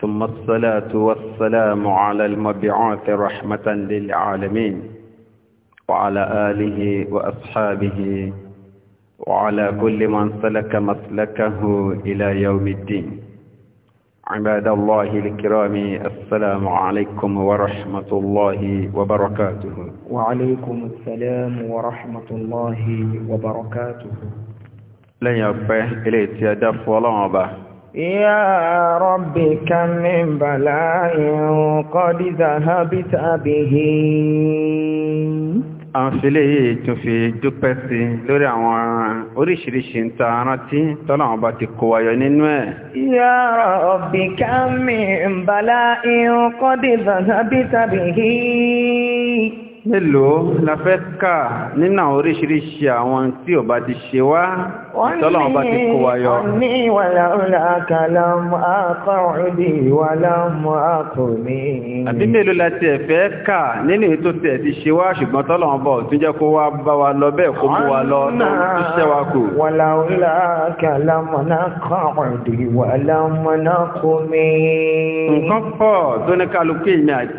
ثم الصلاة والسلام على المبعوث رحمة للعالمين وعلى آله وأصحابه وعلى كل من سلك مسلكه إلى يوم الدين عباد الله الكرام السلام عليكم ورحمة الله وبركاته وعليكم السلام ورحمة الله وبركاته لن يبقى إليه تيادف ولا يا رب كم من بلاء قد ذهبت به àǹfilé yìí tún fi dúpẹ́ sí lórí àwọn oríṣiríṣi ń ta arántí ti kó ayọ̀ nínú ẹ̀. Ya Rabbi kam min bala'in qad dhahabta bihi mélòó la fẹ́ kà nínú àwọn oríṣiríṣi àwọn tí ò bá ti ṣe wá ìtọ́lọ́wọ́ ti kó wa yọ. ní wàlá ọ̀làkà lámú àkọ́rùdì wàlá àbí mélòó la tiẹ̀ fẹ́ kà nínú ètò tiẹ̀ ti ṣe wá ṣùgbọ́n tọ́lọ́wọ́ wa lọ bẹ́ẹ̀ kó mú wa lọ tó ṣẹ́ wa kù. wàlá ọ̀làkà lámú àkọ́rùdì wàlá mú àkùnmí. nǹkan pọ̀ tó ní kálukú ìmì àti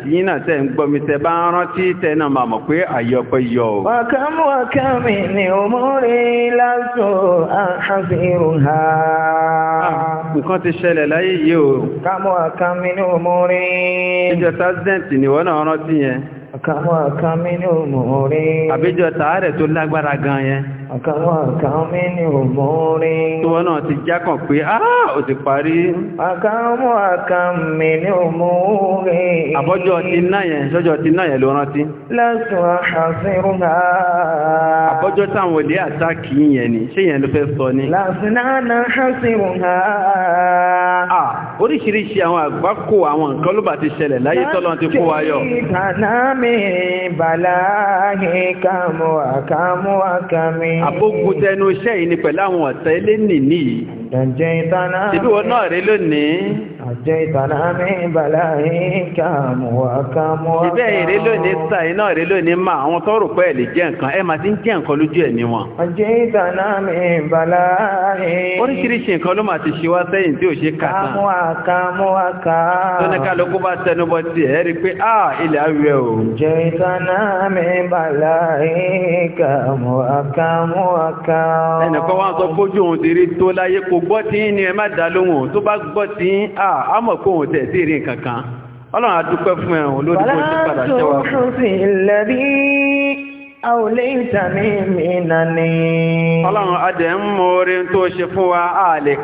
yín máa mọ̀ pé àyè ọpẹ́ yọ o. wàkàmù wàkàmì ni òmùrí lásò àhàfihàn ha. nǹkan ti ṣẹlẹ̀ láyé yìí o. wàkàmù wàkàmì ni òmùrí. ìjọ tásídẹ̀ǹtì ni wọ́n náà rántí yẹn. wàkàmù wàkàmì ni òmùrí. àbíjọ tààrẹ̀ tó lágbára gan yẹn àkàwọn àkàn mí ní òmúrin tí wọ́n náà ti jákàn pé áà ò ti parí àkàwọn àkàn mí ní òmúrin àbọ́jọ́ ti náyẹn ṣọ́jọ́ ti náyẹn ló rántí lẹ́sùn àṣàṣírùn àbọ́jọ́ táwọn olè àtàkì yẹn ni ṣé yẹn ló fẹ́ sọ ni lẹ́sùn àṣàṣírùn oríṣiríṣi àwọn àgbákò àwọn nǹkan ló bá ti ṣẹlẹ̀ láyé tọ́lọ́ ti kó wa yọ. ìtànà mi bàlá àkàmú àkàmú àkàmí àbógun tẹnu iṣẹ́ yìí ni pẹ̀lú àwọn ọ̀tẹ́ lé nìní yìí. ìbí wọn náà rí lónìí àjẹ́tàná mi bàlá ìkà mùwàká mùwàká. ìbẹ́ èrè lónìí sà iná èrè lónìí mà àwọn tó rò pé ẹ̀ lè jẹ́ nǹkan ẹ̀ máa ti ń jẹ́ nǹkan lójú ẹ̀ ní wọn. àjẹ́tàná mi bàlá ìkà. oríṣiríṣi nǹkan ló máa ti ṣe wá sẹ́yìn tí ò ṣe kà tán. mùwàká mùwàká. tóníkàlókó bá tẹnubọ tí ẹ rí i pé a ah, ilẹ̀ awẹ́ o. àjẹ́tàná mi bàlá ìkà mùwàká mùwàká. ẹnìkan wá sọ a mọ̀ kó òun tẹ̀ sí ìrìn kankan ọlọ́run adúpẹ́ fún ẹ̀hún lórí kó ti padà jẹ́ wa fún. ọlọ́run adẹ̀ ń mọ orin tó ṣe fún wa a lè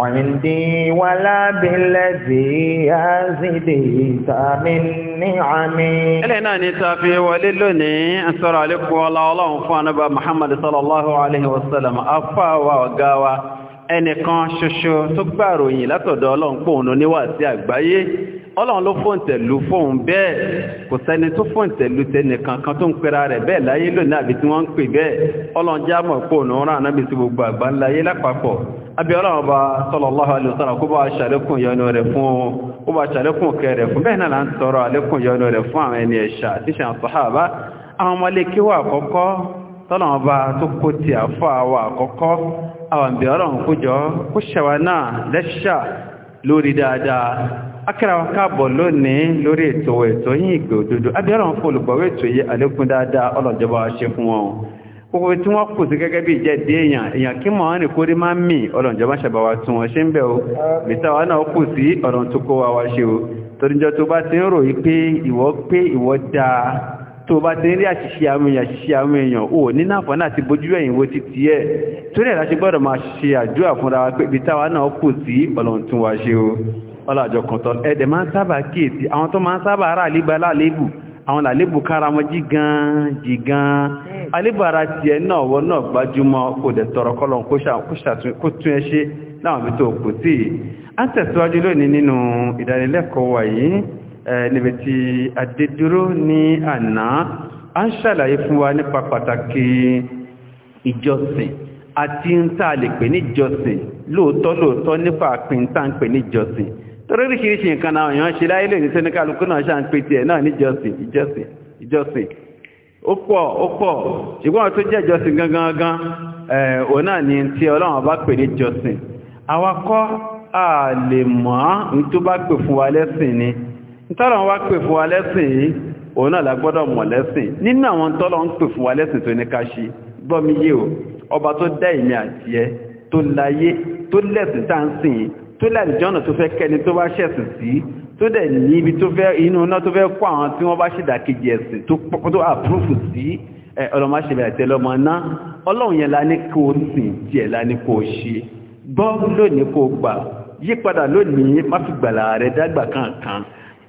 وعندي ولا بالذي يزيدك من نعمي إلينا نتافي وللني أسر عليكم والله الله فانبا محمد صلى الله عليه وسلم أفا وقاوى ẹnìkan ṣoṣo tó gbàròyìn látọ̀dọ̀ ọlọ́run pòun níwà sí àgbáyé ọlọ́run ló fòǹtẹ̀lú fóun bẹ́ẹ̀ kò sẹ́ni tó fòǹtẹ̀lú tẹnìkan kan tó ń pera rẹ̀ bẹ́ẹ̀ láyé lónìí àbí tí wọ́n ń pè bẹ́ẹ̀ ọlọ́run já mọ̀ pòun rán ànábì sí gbogbo àgbáńláyé lápapọ̀ abẹ́ọ̀lọ́wọ́ ba sallallahu alaihi wasallam kó bá ṣàlékún yọnu rẹ̀ fún ó bá ṣàlékún kẹ rẹ̀ fún bẹ́ẹ̀ náà ń tọrọ àlékún yọnu rẹ̀ fún àwọn ẹni ẹ̀ṣà tí ṣe àṣọ́hábá àwọn ọmọlékíwà àkọ́kọ́ tọ́lọ̀wọ́ bá tó kó ti àfáàwà àkọ́kọ́ àwọn abẹ́ọ̀lọ́wọ́ kójọ kó ṣẹwà náà lẹ́ṣà lórí dáadáa akẹ́ràwọ̀ káàbọ̀ gbogbo tí wọ́n kù sí gẹ́gẹ́ bí jẹ́ dé èèyàn èèyàn kí mọ̀ ní kó rí máa ń mì ọ̀rọ̀ ìjọba ṣàbàwà tún wọ́n ṣe ń bẹ̀ o mìtàwà náà kù sí ọ̀rọ̀ tó kó wa wá ṣe o toríjọ tó bá ti ń rò yí pé ìwọ pé ìwọ dáa tó bá ti ń rí àṣìṣe àwọn èèyàn ṣiṣẹ́ àwọn èèyàn ò ní náàfọ́ náà ti àwọn àlébù káramọ́jí gan jì gan alébàra ti ẹ náà wọ́n náà gbájúmọ́ kò dẹ̀ tọrọ kọ́lọ̀n kó tún ẹ ṣe láwọn bí tó kò tí a tẹ̀síwájú lónìí nínú ìdánilẹ́kọ̀ọ́ wa yìí níbi tí adédúró ní àná a ń ṣàlàyé fún wa nípa pàtàkì àti ń tà lè pè ní ìjọsìn lóòótọ́ lóòótọ́ nípa àpíntà ń pè ní ìjọsìn toríṣiríṣi nǹkan náà èèyàn ṣe láyé lè tó ní kálukú náà ṣáà ń pè náà ní ìjọsìn ìjọsìn ìjọsìn ó pọ̀ ó pọ̀ ṣùgbọ́n tó jẹ́ ìjọsìn gangan gan eh, òun náà ni tí ọlọ́run bá pè ní ìjọsìn awakọ́ a lè ní tó bá fún wa lẹ́sìn ni wá pè fún wa lẹ́sìn yìí òun la mọ̀ lẹ́sìn nínú àwọn fún wa lẹ́sìn tó ní ká o ọba tó lẹ́rìí jọ́nà tó fẹ́ kẹ́ni tó bá ṣẹ̀sìn sí tó dẹ̀ ní ibi tó fẹ́ inú iná tó fẹ́ kó àwọn tí wọ́n bá ṣèdàkejì ẹ̀sìn tó pọ́pọ́ tó àpúrúfù sí ọlọ́máṣẹ̀lẹ̀ àtẹlọmọ náà ọlọ́run yẹn la ní kó sìn la ní kó ṣe gbọ́ lónìí kó gbà yípadà lónìí má fi gbàlà rẹ dágbà kankan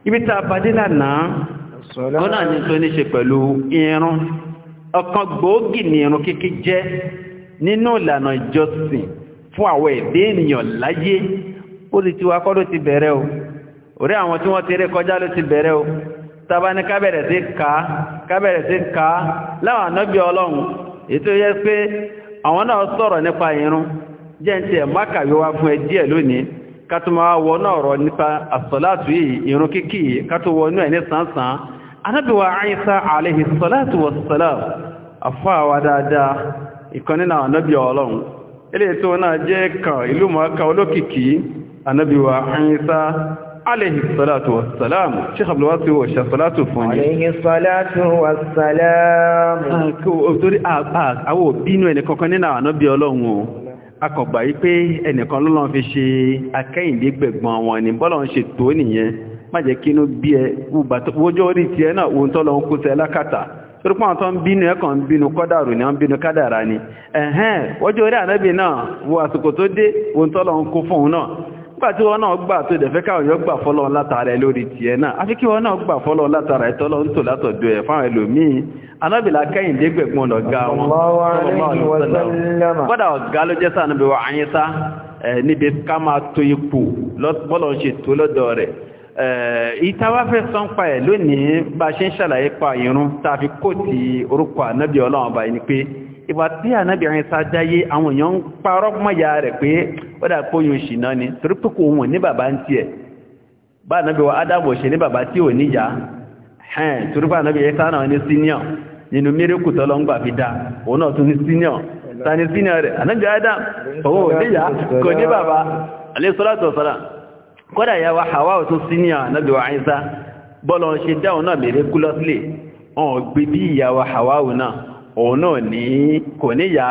ibi tá a padé lánàá ó náà ní tó ní ṣe pẹ̀lú irun ọ̀kan gbòógì ní irun kíkí jẹ́ nínú ìlànà ìjọsìn fún àwọn ẹ̀dẹ́ ènìyàn láyé pólì ti kọ́ ló ti bẹ̀rẹ̀ o orí àwọn tí wọ́n ti ré kọjá ló ti bẹ̀rẹ̀ o tàbá ní kábẹ̀rẹ̀ sí ká kábẹ̀rẹ̀ sí ká láwọn ọlọ́run ètò yẹ pé àwọn náà sọ̀rọ̀ nípa irun jẹ́ ti ẹ̀ mákàwé wá fún ẹ díẹ̀ lónìí kátùmọ̀ wọ náà rọ nípa àsọ̀látù yìí ìrun kíkì kátùwọ̀ ẹ̀ ní wa dáadáa ìkan nínú ọlọ́run ilé ètò náà jẹ́ kan ìlú olókìkí Ànábì wa Isa alayhi salatu wassalam Sheikh Abdul Wasi wa salatu fún yìí alayhi salatu wassalam ah, kò torí ah, ah, àwọn òbínú ẹnìkankan nínú àwọn ànábì Ọlọ́run o akọ̀gbà yí pé ẹnìkan lọ́lọ́n fi ṣe akẹ́yìndé gbẹ̀gbọ́n wọn ni bọ́lọ̀ ń ṣe tó nìyẹn má jẹ́ kí inú bí ẹ wójó orí tí ẹ náà ohun tọ́lọ ń kú sẹ lákàtà torípọ̀ àwọn tó ń bínú ẹ̀kọ́ ń bínú kọ́dàrù ni wọ́n ń bínú ni ẹ̀hẹ́n wójó orí ànábì náà wo àsìkò tó dé ohun tọ́lọ ń kú fún un tí wọn náà gbà tó dẹ̀fẹ́ káwọn yóò gbà fọ́lọ́ látara ẹ lórí tiẹ̀ náà àfi kí wọn náà gbà fọ́lọ́ látara ẹ tọ́lọ́ ń tò látọ̀dọ̀ ẹ̀ fáwọn ẹlòmíì miin kẹ́yìn dégbègbọn lọ́gá wọn ọ̀gá ló níbi ká máa tó ipò bọ́lọ̀ ń ṣe tó lọ́dọ̀ rẹ̀ ìta wá fẹ́ sọ́n pa ẹ̀ lónìí bá ṣe ń ṣàlàyé pa ìrún orúkọ ìgbà tí ànábìrin sájáyé àwọn èèyàn ń parọ́ mọ́ya rẹ̀ pé ó dà pé oyún ṣìná ni torí pé kò wọ́n ní bàbá ń tiẹ̀ bá ànábì wa Ádámù ṣe ní bàbá tí ò níyà ẹ̀ẹ́n torí pé ànábìrin sá náà ní senior nínú mírèkù tọ́lọ́ ń gbà fi dá òun náà tún ní senior ni senior rẹ̀ ànábì Ádám òun ò níyà kò ní bàbá ya wa Hawa tún senior ànábì wa Ìsá bọ́lọ̀ ṣe dáhùn náà òun náà ní kò níyà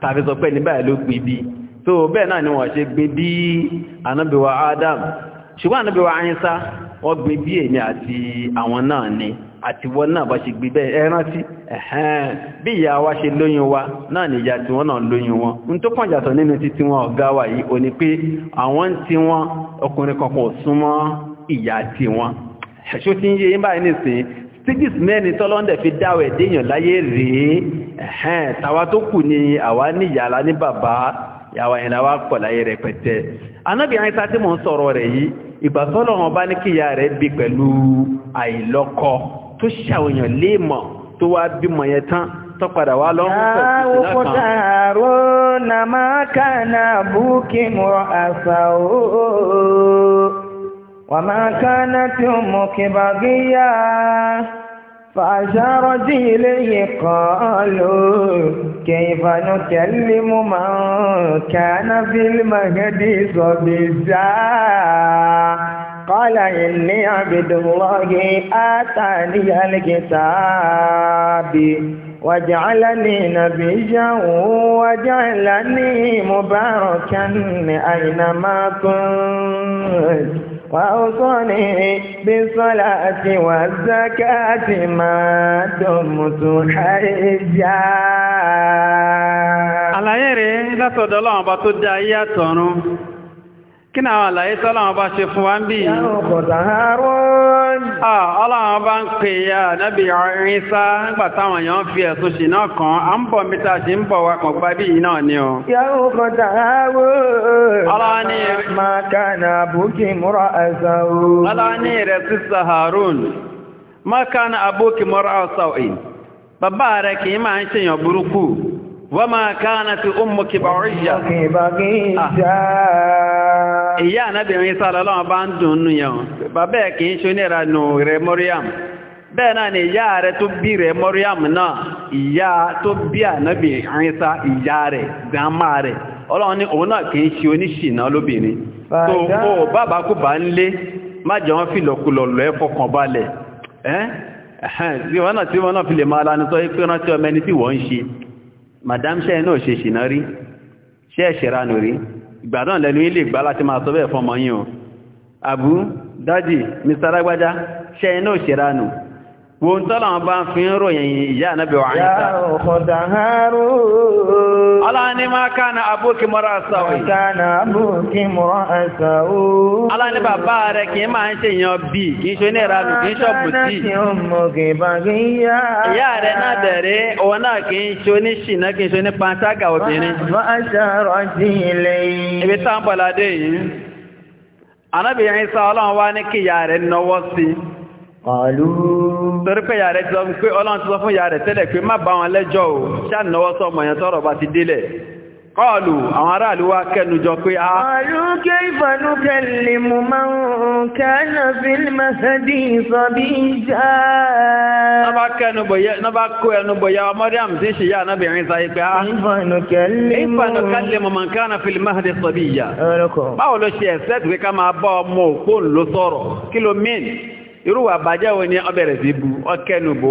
tàbí sọ pé níbà ló gbé bí tó bẹ́ẹ̀ náà ni wọ́n ṣe gbé bí anábíwá Adam ṣùgbọ́n anábíwá ayínsá wọ́n gbé bí èmi àti àwọn náà ni àti wọ́n náà bá ṣe gbé bẹ́ẹ̀ ẹrántí tí wa ṣe lóyún wa sígìs mẹ́rin tọ́lọ́ndẹ̀ fi dáwẹ̀ déyàn láyé rèé ẹ̀hẹ́n tàwa tó kù ni àwa níyàlá ní bàbá yàwà yẹn láwá pọ̀ láyé rẹpẹtẹ anábì àyíká tí mò ń sọ̀rọ̀ rẹ̀ yìí ìgbàsọ́lọ̀ wọn bá ní kíyà rẹ̀ bí pẹ̀lú àìlọ́kọ tó ṣàwòyàn léèmọ̀ وما كانت أمك بغيا فأشارت إليه قالوا كيف نكلم من كان في المهد صبيا قال إني عبد الله آتاني الكتاب وجعلني نبيا وجعلني مباركا أينما كنت وأوصني بالصلاة والزكاة ما دمت حيا àlàyé rẹ̀ látọ̀dọ̀ Ọlọ́run bá tó dá ayé àtọ̀run kí ni àwọn àlàyé tọ́lọ́wọ́n bá ṣe fún wa ń yìí. ń pè ya nábì Ìsá nígbà táwọn èèyàn fi ẹ̀sùn ṣì náà kàn án ń bọ̀ mítà sí ń bọ̀ wa kàn gba bí yìí náà ni o. ní sí Saharun bàbá rẹ̀ وما كانت أمك بعية ìyá ànábìnrin sálọ́lọ́wọ́ bá ń dùn nù yẹn bàbá ẹ̀ kìí ṣe nira nù rẹ̀ mọ́ríàm bẹ́ẹ̀ náà ni ìyá rẹ̀ tó bí rẹ̀ mọ́ríàm náà ìyá tó bí ànábìnrin sá ìyá rẹ̀ gbámà rẹ̀ ọlọ́run ní òun náà kìí ṣe oníṣìnà lóbìnrin tó o bàbá kú Madame, ṣe náà ṣe ṣìná rí ṣe ẹ̀ṣẹ̀ránù rí ìgbàdàn lẹ́nu ilé ìgbà láti máa sọ bẹ́ẹ̀ fọmọ yín o àbú dájì mr agbájá ṣe náà ṣẹ̀ránù Wọ́n tọ́lọ̀ bá ń fi ń ròyìn ìyá ànábẹ̀ wà níta. Yà ọ̀kọ̀dà háró. kánà abókí mọ́ra àṣàwò. Kánà abókí mọ́ra àṣàwò. Ọlá ní rẹ̀ kì í máa ń ṣe èèyàn bí kì í ṣe ní ìranù kì í ṣọ̀bù Ìyá rẹ̀ náà dẹ̀rẹ́ torí pé yàrá ti sọ pé ọlọ́run ti sọ fún yàrá tẹ́lẹ̀ pé má bá wọn lẹ́jọ́ o ṣá náwọ́ sọmọ yẹn tọ́rọ̀ bá ti délẹ̀ kọlù àwọn aráàlú wá kẹnu pé a ọ̀lú kí ìfànú kẹlẹ̀ mú máa ń kẹ́nà fílmà sẹ́dí máa ń kẹ́nà fílmà ìjà báwo ló irú wà ni ọbẹ̀rẹ̀ sí bu ọkẹ́nubò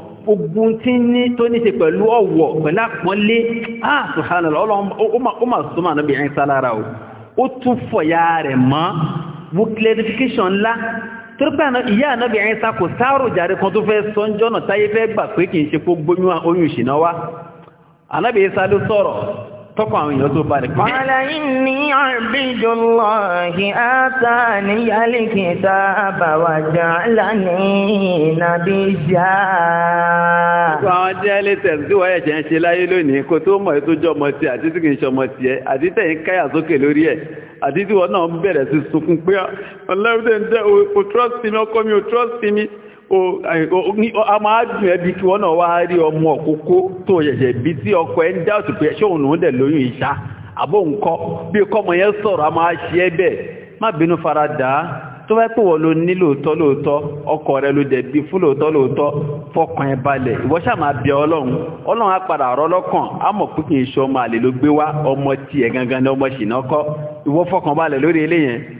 ogun tí ní tó ní ṣe pẹ̀lú ọ̀wọ̀ pẹ̀lú àpọ́nlé ah subhanallah ó máa súnmọ́ ànábì Ìsá lára o ó tún fọ̀yà rẹ̀ mọ́ wo clarification ńlá torípé ìyá ànábì Ìsá kò sáàrò jàre kan tó fẹ́ sọ́njọ́nà táyé fẹ́ gbà pé kì í ṣe kó gbóyún oyún ìṣìná wá ànábì Ìsá ló sọ̀rọ̀ tọ́kọ̀ àwọn èèyàn tó balẹ̀ pé. Ọ̀lá ìní àbíjọ lọ kí á ta níyàlé kí ta bàwà jà lánìí nàbí jà. Gbogbo àwọn jẹ́ latest tí wọ́n ẹ̀jẹ̀ ń ṣe láyé lónìí kò tó mọ̀ tó jọmọ ti àti tí kìí ṣọmọ ti ẹ àti tẹ̀yìn káyà sókè lórí ẹ̀ àti tí wọ́n náà ń bẹ̀rẹ̀ sí sunkún pé ọlọ́run tẹ̀ ń jẹ́ o trust mi ọkọ mi o trust mi. a máa dùn ẹbí kí wọ́n náà wá rí ọmọ òkókó tó yẹ̀yẹ̀ bí tí ọkọ̀ ẹ ń dáàtù pé ṣé òun dẹ̀ lóyún ìṣá àbó nǹkan bí kọ́mọ yẹn sọ̀rọ̀ a máa ṣe ẹ́ bẹ́ẹ̀ má bínú fara tó fẹ́ wọ́n ló ní lóòótọ́ lóòótọ́ rẹ ló fún lóòótọ́ lóòótọ́ fọkàn ẹ balẹ̀ ṣáà máa ọlọ́run ọlọ́run á padà lọ́kàn á mọ̀ pé kì í ṣe ọmọ àlè ló gbé wá ọmọ tiẹ̀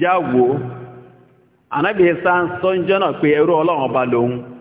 jáwòó anábìhẹ́sá ń sọ ń jẹ́ náà pé ẹrú ọlọ́run ọba lòun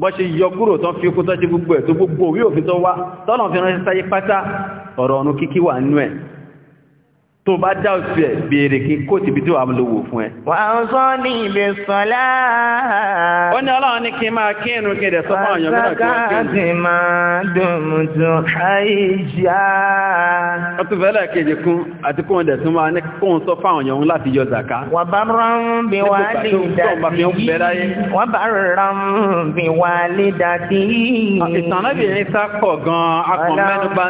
bọ́ ṣe yọ kúrò tán fi kú tán ṣe gbogbo ẹ̀ tó gbogbo òwí òfin tó wá tọ́nà fi ránṣẹ́ sáyé pátá ọ̀rọ̀ ọ̀nù kíkí wà nínú ẹ̀ tó bá dá òfin ẹ̀ béèrè kí kó tìbí tí wàá lò wò fún ẹ. wà á sọ ní ibi sọlá. ó ní ọlọ́run ní kí n máa kírun kí n dẹ̀ sọ fún ọ̀yàn mìíràn kí wọ́n kírun. pàṣẹ káàtì máa dùn dùn àìjà. ó tún fẹ́lẹ̀ kejì kún àti kóun dẹ̀ tún máa ní kóun sọ fún àwọn ọ̀hún láti yọ zàká. wà bá rán bí wà lè dàbí. wà bá rán bí wà lè dàbí. ìtànàbìnrin sá pọ̀ gan-an akọ̀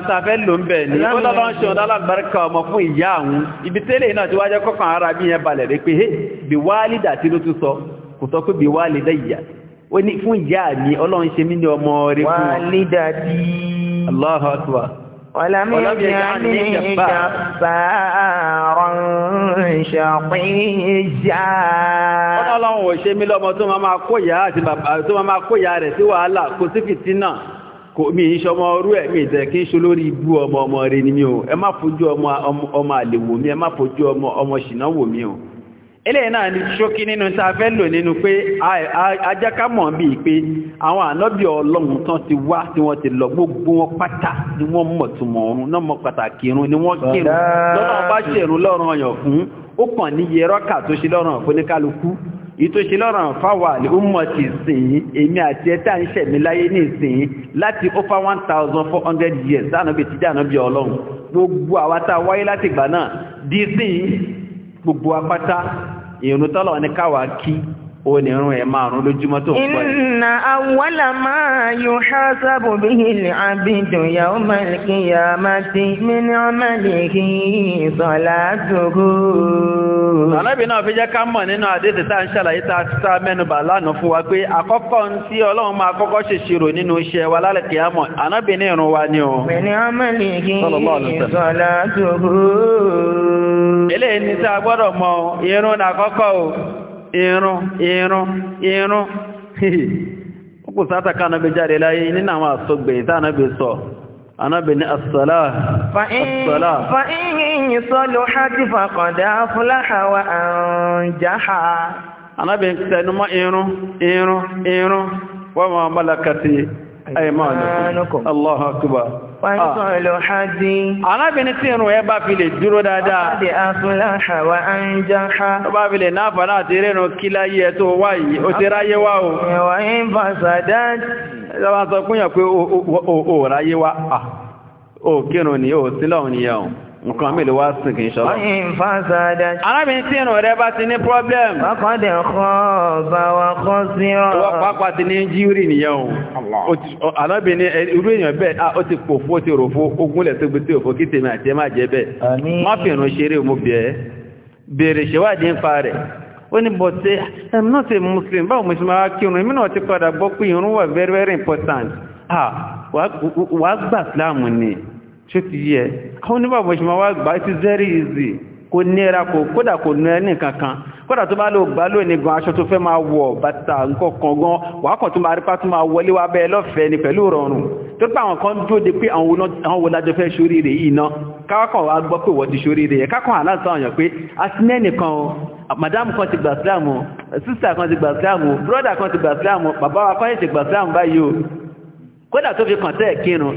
mẹ́nu àrùn ibi tẹ́lẹ̀ náà ti wájẹ́ kọ́kàn ara bí yẹn balẹ̀ rẹ̀ pé bí wálì dàtí ló tún sọ kò sọ pé bí wálì dẹ́yà ó ní fún ìyá mi ọlọ́run mí ní ọmọ rẹ̀ fún wálì dàtí Allahu akbar ولم kò mi ń ṣọmọ ọrú ẹ̀ mi ìtẹ̀ kí ń ṣe lórí ibú ọmọ ọmọ rẹ ni mi o ẹ má fojú ọmọ àlè wò mí ẹ má fojú ọmọ ṣìnà wò mí o eléyìí náà ni ṣókí nínú tá a fẹ́ lò nínú pé ajákámọ̀ bíi pé àwọn ànábì ọlọ́run tán ti wá tí wọ́n ti lọ gbogbo wọn pátá ni wọ́n mọ̀ túmọ̀ ọ̀run náà mọ̀ pàtàkì irun ni wọ́n kírun lọ́nà bá ṣèrun lọ́rùn ọ̀yàn fún ó kàn níye rọ́kà tó ṣe lọ́rùn fún ìtòṣe lọ́ràn fáwà ní ọmọtí ìsìn èmi àti ẹta ń ṣẹ̀mí láyé ní ìsìn láti over one thousand four hundred years dánàbí ti dánàbí ọlọ́run gbogbo àwátá wáyé láti ìgbà náà dí sí gbogbo apáta ìrùntọ́lọ̀ ní káwàá kí ó ní irun ẹ̀ márùn lójúmọ́ tó ń pọ̀. inna ayo ma yuhasabu bihi al-abdu yawma al-qiyamati min amalihi salatuhu. alábì náà fi jẹ́ ká mọ̀ nínú àdéhùn tá à ń ṣàlàyé tá a ti sá mẹ́nubà lánàá fún wa pé àkọ́kọ́ ń tí ọlọ́run máa wa lálẹ́ kìyàmọ̀ anábì irun wa ni o. ni ìrún ìrún ìrún kò sáta ká anábì jáde láyé nínú àwọn àsọgbẹ̀yìn tá anábì sọ anábì ní asọ́lá fa'íyìn sọ́lù hajji fàkọ̀dá fúláhà wa àrùnjáhà anábì tẹnumọ́ ìrún ìrún ìrún wọ́n mọ́ Wàísọ̀lù ah. hajji. Arábìnrin tí ìrùn ẹ bá fi lè dúró dáadáa. Ọ̀pàdé afúláhà wa ń jáhá. Ó bá fi lè náàfà láti rẹ̀rùn kí láyé ẹ tó wá yìí, ó ti ráyé wá o. Ẹ̀wà ń bá sàdá. Ẹjọ́ sọ fún pé ó ráyé wá. Ah, ni, ó sílọ̀ ni yẹn nǹkan mélòó wá sìn kì í ṣọ́lọ́. ọyìn tí ìrùn rẹ bá ti ní problem. pápádé kọ́ bá wa kọ́ sí ọ. pápá ti ní jíúrì nìyẹn o. arábìnrin irú èèyàn bẹ́ẹ̀ ó ti pòfó ó ti ròfó ogúnlẹ̀ tó gbé tí òfó kí tèmi àti ẹ má jẹ bẹ́ẹ̀. má fi ìrùn ṣeré mo bẹ̀ ẹ́ ṣèwádìí ń pa rẹ̀ ó ní bọ̀tẹ́ eh, i'm not a muslim báwo mo ṣe máa kírun èmi náà ti padà gbọ́ pé ìrun wà very very important ah wàá gbà síláàmù ni ṣé ti yẹ àwọn oníbàbọ̀ ṣe máa wá gbà ti very easy kò nira kò kódà kò nira ní kankan kódà tó bá lò gbà lónìí gan aṣọ tó fẹ́ máa wọ̀ bàtà nǹkan gan wàá kàn tó máa rí pátó máa wọlé wá bẹ́ẹ̀ lọ́fẹ̀ẹ́ ni pẹ̀lú ìrọ̀rùn tó pé àwọn kan dúró de pé àwọn wo lájọ fẹ́ ṣoríire yìí ná káwákan wá gbọ́ pé wọ́n ti ṣoríire yẹ kákan àláǹsà ọ̀yàn pé a ti mẹ́nìkan o madam kan ti gbà sílámù sísà kan ti gbà sílámù brọ́dà kan ti gbà sílámù bàbá wa kan ti gbà sílámù báyìí o kódà tó fi kàn tẹ́ẹ̀ kírun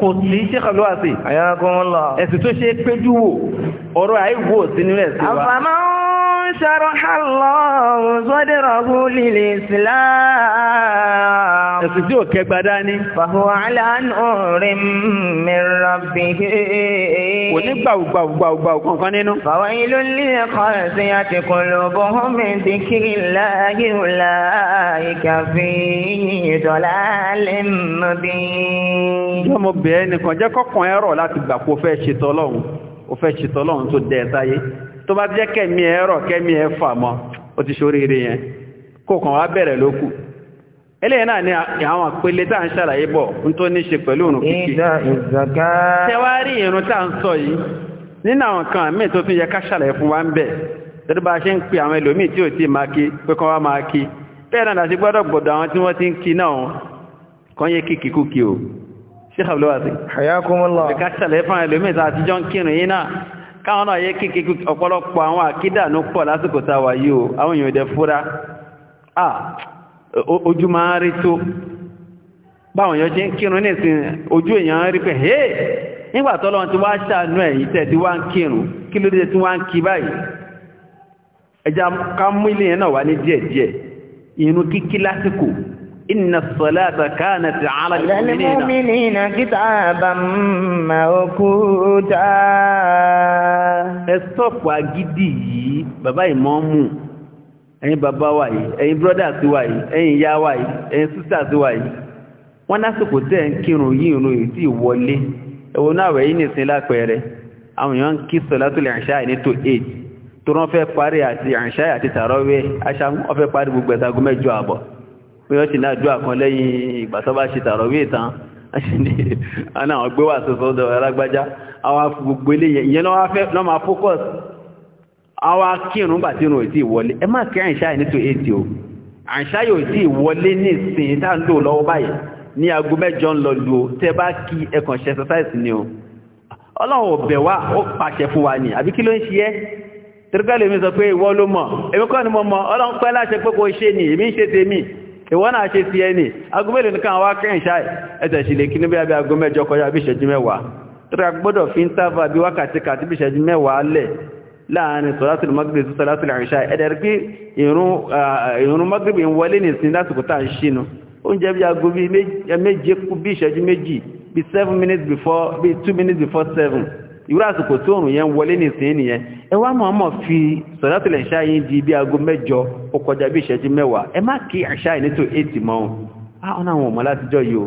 kò sí ṣékọ̀lú àti ẹ̀sìn tó ṣe péjú wò ọ̀rọ̀ àìwò sí nílẹ̀ sí wa. شرح الله صدره للإسلام ẹ̀sìn tí ò kẹgbà dání. فهو على نور من ربه. kò ní gbàùgbàùgbàùgbàù kankan nínú. فويل للقاسية قلوبهم من ذكر الله أولئك في ضلال مبين. jọ́mọ bẹ́ẹ̀ nìkan jẹ́ kọ́kàn ẹ̀rọ láti gbà kó fẹ́ ṣètọ́ lọ́hùn-ún ó fẹ́ ṣètọ́ lọ́hùn-ún tó dẹ̀ sáyé tó bá jẹ́ kẹ́mí ẹ rọ̀ kẹ́mí ẹ fà mọ́ ó ti ṣoríire yẹn kó kàn wá bẹ̀rẹ̀ ló kù eléyìí náà ni àwọn àpele tá à ń ṣàlàyé bọ̀ ń tó ní ṣe pẹ̀lú òrùn kìkì tẹwárí irun tá à ń sọ yìí nínú àwọn kan míì tó tún yẹ ká ṣàlàyé fún wa ń bẹ̀ tẹ́lú bá ṣe ń pe àwọn ẹlòmíì tí ò tí máa kí pé kán wá máa kí bẹ́ẹ̀ náà láti gbọ́dọ̀ gbọ́dọ̀ àwọn tí wọ́n ti ń kí náà kán yé kí káwọn náà yẹ kíkí ọ̀pọ̀lọpọ̀ àwọn àkídà ló pọ̀ lásìkò táwà yìí àwọn èèyàn ìdẹ fúra ah ojú ma ń rí tó báwọn èèyàn ṣe kírun ní ìsìn ojú èèyàn rí pé hey ti wá ṣàánú ẹ̀yìn tẹ̀ tí wá ń kírun kí ló dé tí wá ń kí báyìí إن الصلاة كانت على المؤمنين كتابا موقوتا ẹ̀sọ́pọ̀ agídí yìí bàbá ìmọ́mù ẹ̀yin bàbá wa yìí ẹ̀yin brothers wa yìí ẹ̀yin ìyá wa yìí ẹ̀yin sisters wa yìí wọ́n lásìkò tẹ́ ń kírun yìí ìrun èyí tí wọlé ẹ̀wọ̀n náà rẹ̀ yìí nìsin lápẹẹrẹ àwọn èèyàn ń kí sọ̀látùl ìṣáà ní tó 8 tó rán fẹ́ parí àti ìṣáà àti tààrọ́wẹ́ aṣáà wọ́n fẹ́ parí gbogbo ẹ̀sàgún mẹ́jọ àbọ̀ pé wọ́n ti ní àdúrà kan lẹ́yìn ìgbà tó bá ṣe tààrọ̀ wí ìtàn àná àwọn gbé wà sọ́sọ́ ọ̀dọ̀ alágbájá àwọn gbogbo ilé ìyẹn náà fẹ́ náà máa fókọ̀s àwọn akírun gbà tí irun ò wọlé ẹ má kí àìsá ní tó ni o ọlọ́run ò bẹ̀ wá ó pàṣẹ fún wa ni àbí kí ló ń ṣe ẹ́ tẹ́lifíà lèmi sọ pé ìwọ ló mọ̀ èmi kọ́ ni mo mọ̀ ọlọ́run pẹ́ láṣẹ pé kò ni èmi ń ṣe tèmi ìwọ́n náà ṣe ti ẹni agomẹ́lì ní káwọn wá kẹ́yìn ṣáì ẹ̀tẹ̀ ṣìlẹ̀ kí ní bí abẹ́ agomẹ́jọ kọjá bí ìṣẹ́jú mẹ́wàá tọ́rọ gbọ́dọ̀ fi ń tàbà bí wákàtí kàtí bí ìṣẹ́jú mẹ́wàá lẹ̀ láàrin sọ́látìlú magrib sí sọ́látìlú àìṣà ẹ̀dẹ̀rí pé ìrún magrib ń wọlé ní ìsin lásìkò tàà ń ṣínú oúnjẹ bí aago bí méje kú bí ìṣẹ́jú méjì bí 7 minutes before bí 2 minutes before 7 ìwúrà àsìkò tí òòrùn yẹn wọlé nìsín nìyẹn ẹ wá mọ̀ ọmọ fi sọ̀dátìlẹ̀ ìṣá yìí di bí aago mẹ́jọ ó kọjá bí ìṣẹ́jú mẹ́wàá ẹ má kí ìṣá yìí 8 mọ́ ah, ọ́n àwọn ọmọ látijọ́ yìí o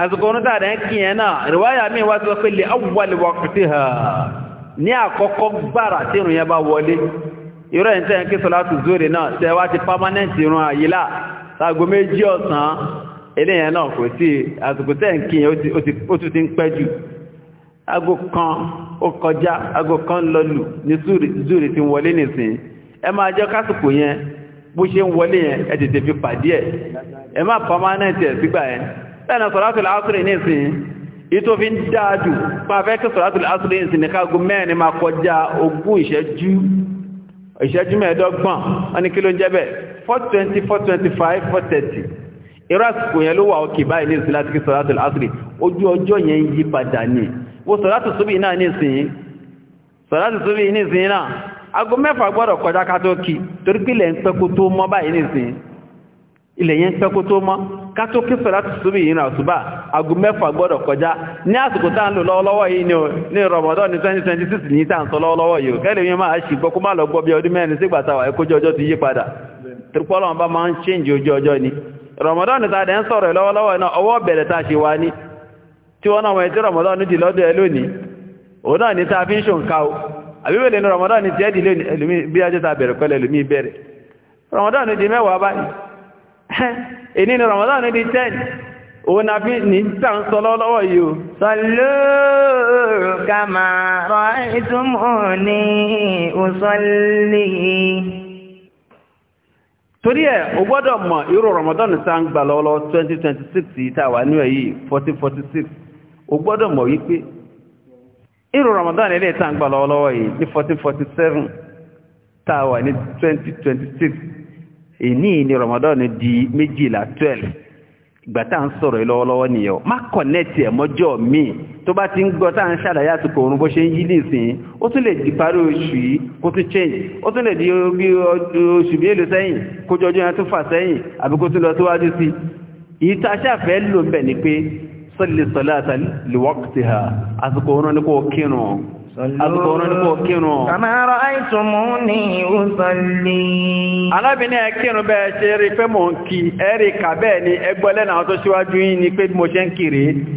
àsìkò ọ̀nà tààrẹ ń kí ẹ náà ìrìwáyà mi wá sọ pé lè awwaliwa kùtì ha ní gbara gbára tí ìrùn yẹn bá wọlé ìrọ̀ ẹ̀ ń tẹ́ ń kí sọlá zóre náà tẹ́ wá ti pámánẹ́ǹtì ìrùn àyílá sago méjì ọ̀sán eléyẹn náà kò sí àsìkò tẹ́ ń kí yẹn ó ti ń pẹ́ jù ago kan ó kọjá ago kan lọlù ní zóre ti wọlé nìsín ẹ máa jẹ́ kásìkò yẹn bó ṣe ń wọlé yẹn ẹ tètè fi pàdé ẹ ẹ má pámánẹ́ǹtì ẹ̀ sígbà yẹn ẹ̀nà sọ̀rọ̀tùlù asìrì ní ìsìn ìtò fi ń dáadù pa fẹ́ kí sọ̀rọ̀tùlù asìrì ìsìn ní káàgùn mẹ́rin ma kọjá ogún ìṣẹ́jú ìṣẹ́jú mẹ́ẹ̀dọ́gbọ̀n wọ́n kí ló ń jẹ́ 420 425 430 irasiko yẹn ló wà òkè báyìí ní ìsìn láti kí sọ̀rọ̀tùlù asìrì ojú ọjọ́ yẹn yí padà ní wo sọ̀rọ̀tù súbì náà ní ìsìn sọ̀rọ̀tù súbì ní ìsìn náà aago mẹ́fà gbọ́dọ̀ kọjá ká ilẹ̀ yẹn pẹ́ kó tó mọ́ ká tó kí sọ̀rọ̀ láti súnmí ìrìn àṣùbà aago mẹ́fà gbọ́dọ̀ kọjá ní àsìkò tá ń lò lọ́wọ́lọ́wọ́ yìí ní Ramadan ní 2026 ní tá ń sọ lọ́wọ́lọ́wọ́ yìí kẹ́lẹ̀ yẹn máa ṣì gbọ́ kó má lọ gbọ́ bí ọdún mẹ́rin sí gbàtàwà ẹkójú ọjọ́ ti yí ni Ramadan ta dẹ̀ ń sọ̀rọ̀ lọ́wọ́lọ́wọ́ náà ọwọ́ bẹ̀rẹ̀ tá ṣe wá Ramadan di lọ́dọ̀ ẹ lónìí òun náà ní tá fi ń ṣòǹkà o àbíbẹ̀lẹ̀ ní Ramadan ti Ramadan di mẹ́wàá báyìí èní ni Ramadan ní di 10 òun na fi ní ń sọ lọ́wọ́ yìí o sọlú kàmà rọ ìtumọ̀ ní òsọ́lì torí ẹ̀ o gbọ́dọ̀ mọ̀ irú Ramadan ní sáà ń gbà lọ́wọ́lọ́ 2026 yìí tàwà ní ẹ̀yí 1446 o gbọ́dọ̀ mọ̀ wípé irú Ramadan ilé ta ń gbà lọ́wọ́lọ́wọ́ yìí ní 1447 tàwà ní 2026 èní ni Ramadan di méjìlá twelve ìgbà ń sọ̀rọ̀ lọ́wọ́lọ́wọ́ nìyẹn o má kọ̀nẹ́ẹ̀tì ẹ̀ mọ́jọ́ míì tó bá ti ń gbọ́ tá à ń ṣàlàyé àsìkò òun bó ṣe ń yí nìsín ó tún lè di parí oṣù yìí kó tún change ó tún lè di bí oṣù bí èlò sẹ́yìn kójú ọjọ́ yẹn tún fà sẹ́yìn àbí kó tún lọ síwájú sí i ìta aṣáfẹ́ ń ni pé sọ́lẹ̀ sọ́lẹ̀ àsìkò àsìkò ọ̀run ní kò kírun. kàmá rọ àìsàn mú ní ìwòsànlé. alábìnrin ẹ kírun bẹ́ẹ̀ ṣe rí pé mò ń kí ẹ̀rí kà bẹ́ẹ̀ ni ẹgbọ́lẹ́ tó ṣíwájú yín ni pé mo ṣe ń kiri.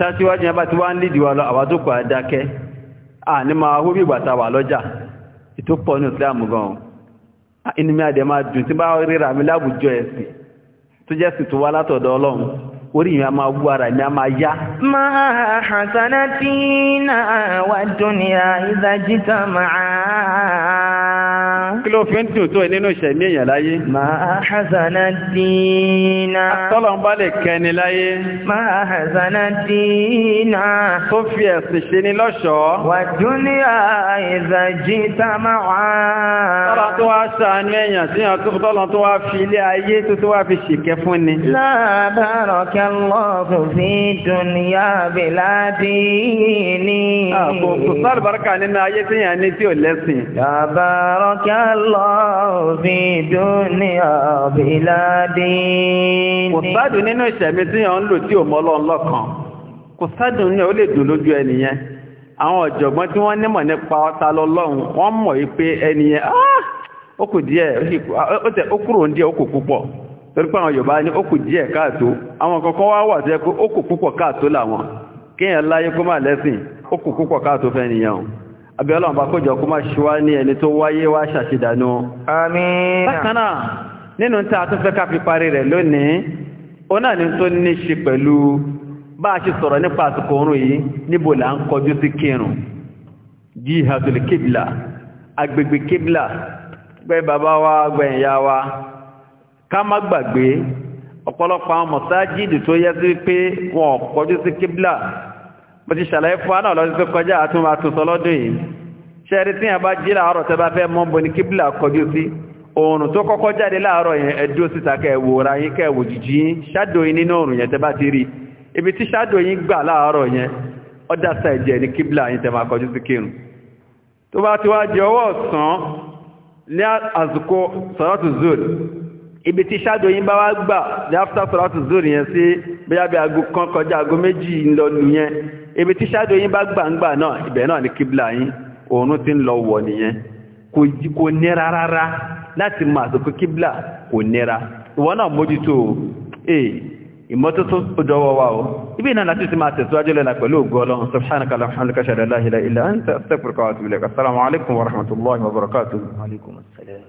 tásíwájú yẹn bá ti wá ń wa lọ àwa tó kọ̀ àdákẹ́ à ní máa hó bí ìgbàta wà lọ́jà ètò pọ̀ ní ìsìlámù gan-an inú mi àdẹ̀ dùn tí bá ríra mi láwùjọ ẹ̀sìn tó jẹ́ sì tó wá látọ̀dọ̀ ọlọ́run orí ìyẹn máa wú ara ìyẹn máa yá. máa hàṣánà tí náà wà dúnìyà ìdájíta máa kí ló fi ń dùn tó nínú ìṣẹ̀mí èèyàn láyé. máa hazana dínà. tọ́lọ̀ ń bá lè kẹni láyé. máa hazana dínà. tó fi ẹ̀sìn ṣe ni lọ́ṣọ̀ọ́. wà dúníà ìzàjì támà wá. tọ́lọ̀ tó wá ṣàánú èèyàn sí yàn tó tọ́lọ̀ tó wá fi ilé ayé tó tó wá fi ṣìkẹ́ fún fi dùnìyà bìlá tí yàn lẹ́sìn. láàbàrọ̀ الله في دنيا بلا دين kò sádùn nínú ìṣẹ̀mí tí yàn ń lò tí ò mọ́ Ọlọ́run lọ́kàn kò sádùn ní ó lè dùn lójú ẹni yẹn àwọn ọ̀jọ̀gbọ́n tí wọ́n nímọ̀ nípa ọta lọ́lọ́run wọ́n mọ̀ yí pé ẹni yẹn ah! ó kù díẹ̀ ó kúrò ń díẹ̀ ó kù púpọ̀ torí pé àwọn Yorùbá ní ó kù díẹ̀ káàtó àwọn kọ̀ọ̀kan wá wà tó yẹ kó ó kù púpọ̀ káàtó làwọn kéèyàn láyé kó má lẹ́sìn ó kù púpọ̀ káàtó fẹ́ nìyẹn abẹ́ọ̀lọ́n bá kójọ kó má ṣíwá ní ẹni tó wáyé wá ṣàṣìdánú àmín bákanáà nínú tí a tún fẹ́ ká fi parí rẹ̀ lónìí ó náà ní tó ní ṣe pẹ̀lú bá a ṣe sọ̀rọ̀ nípa àsìkò oorun yìí níbo là ń kọjú sí kírun jihatul kibla mo ti ṣàlàyé fún wa náà lọ́dún tó kọjá àtúnmọ̀ àtúnsọ lọ́dún yìí ṣẹ́rí tí yàn bá jí láàárọ̀ tẹ́ bá fẹ́ mọ́ bọ́ ní kíbìlà kọjú sí oòrùn tó kọ́kọ́ jáde láàárọ̀ yẹn ẹ̀dúró síta kẹwò ra yín kẹwò jìjì yín ṣáàdò yín nínú oòrùn yẹn tẹ́ bá ti rí ibi tí ṣáàdò yín gbà láàárọ̀ yẹn ọ̀dà sàìjẹ́ bá wá gbà ní after sọ̀rọ̀tù zoro yẹn sí bóyá bí aago kan kọjá aago méjì ńlọ yẹn ibi tí ṣáàdù yín bá gbàǹgbà náà ibẹ̀ náà ni kíbla yín oòrùn ti ń lọ wọ̀ nìyẹn kò nira rárá láti mọ àsìkò kíbla kò nira ìwọ náà mójútó ee ìmọ́tótó ó dọwọ́ wa o ibi náà láti ti máa tẹ̀síwájú lẹ́la pẹ̀lú ògo Ọlọ́run subhanaka alhamdulilayi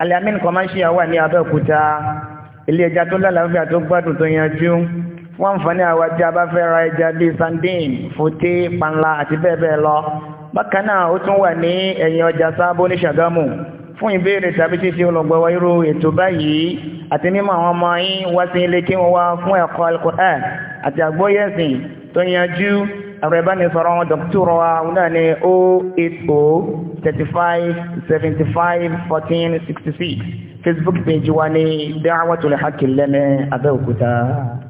Al-Yamin commercial wà ní Abẹ́òkúta ilé ẹja tó lálàáfíà tó gbádùn tó yanjú wọ́n fún ní àwọn ajá bá fẹ́ ra ẹja bíi sandin fòté panla àti bẹ́ẹ̀ bẹ́ẹ̀ lọ bákan náà ó tún wà ní ẹ̀yìn ọjà sábó ní Ṣàgámù fún ìbéèrè tàbí títí olùgbọ́wọ́ irú ètò báyìí àti mímọ̀ àwọn ọmọ yín wá sí ilé kí wọ́n wá fún ẹ̀kọ́ Al-Qur'an àti àgbóyẹ̀sìn tó yanjú ẹ̀rọ ìbánisọ̀rọ̀ wọn dọ̀kítọ̀rọ̀ wa wọn náà ní o oh eight o oh thirty five seventy five fourteen sixty six facebook page wa ní Da'watul Haqq Lẹ́mẹ̀ Abẹ́òkúta.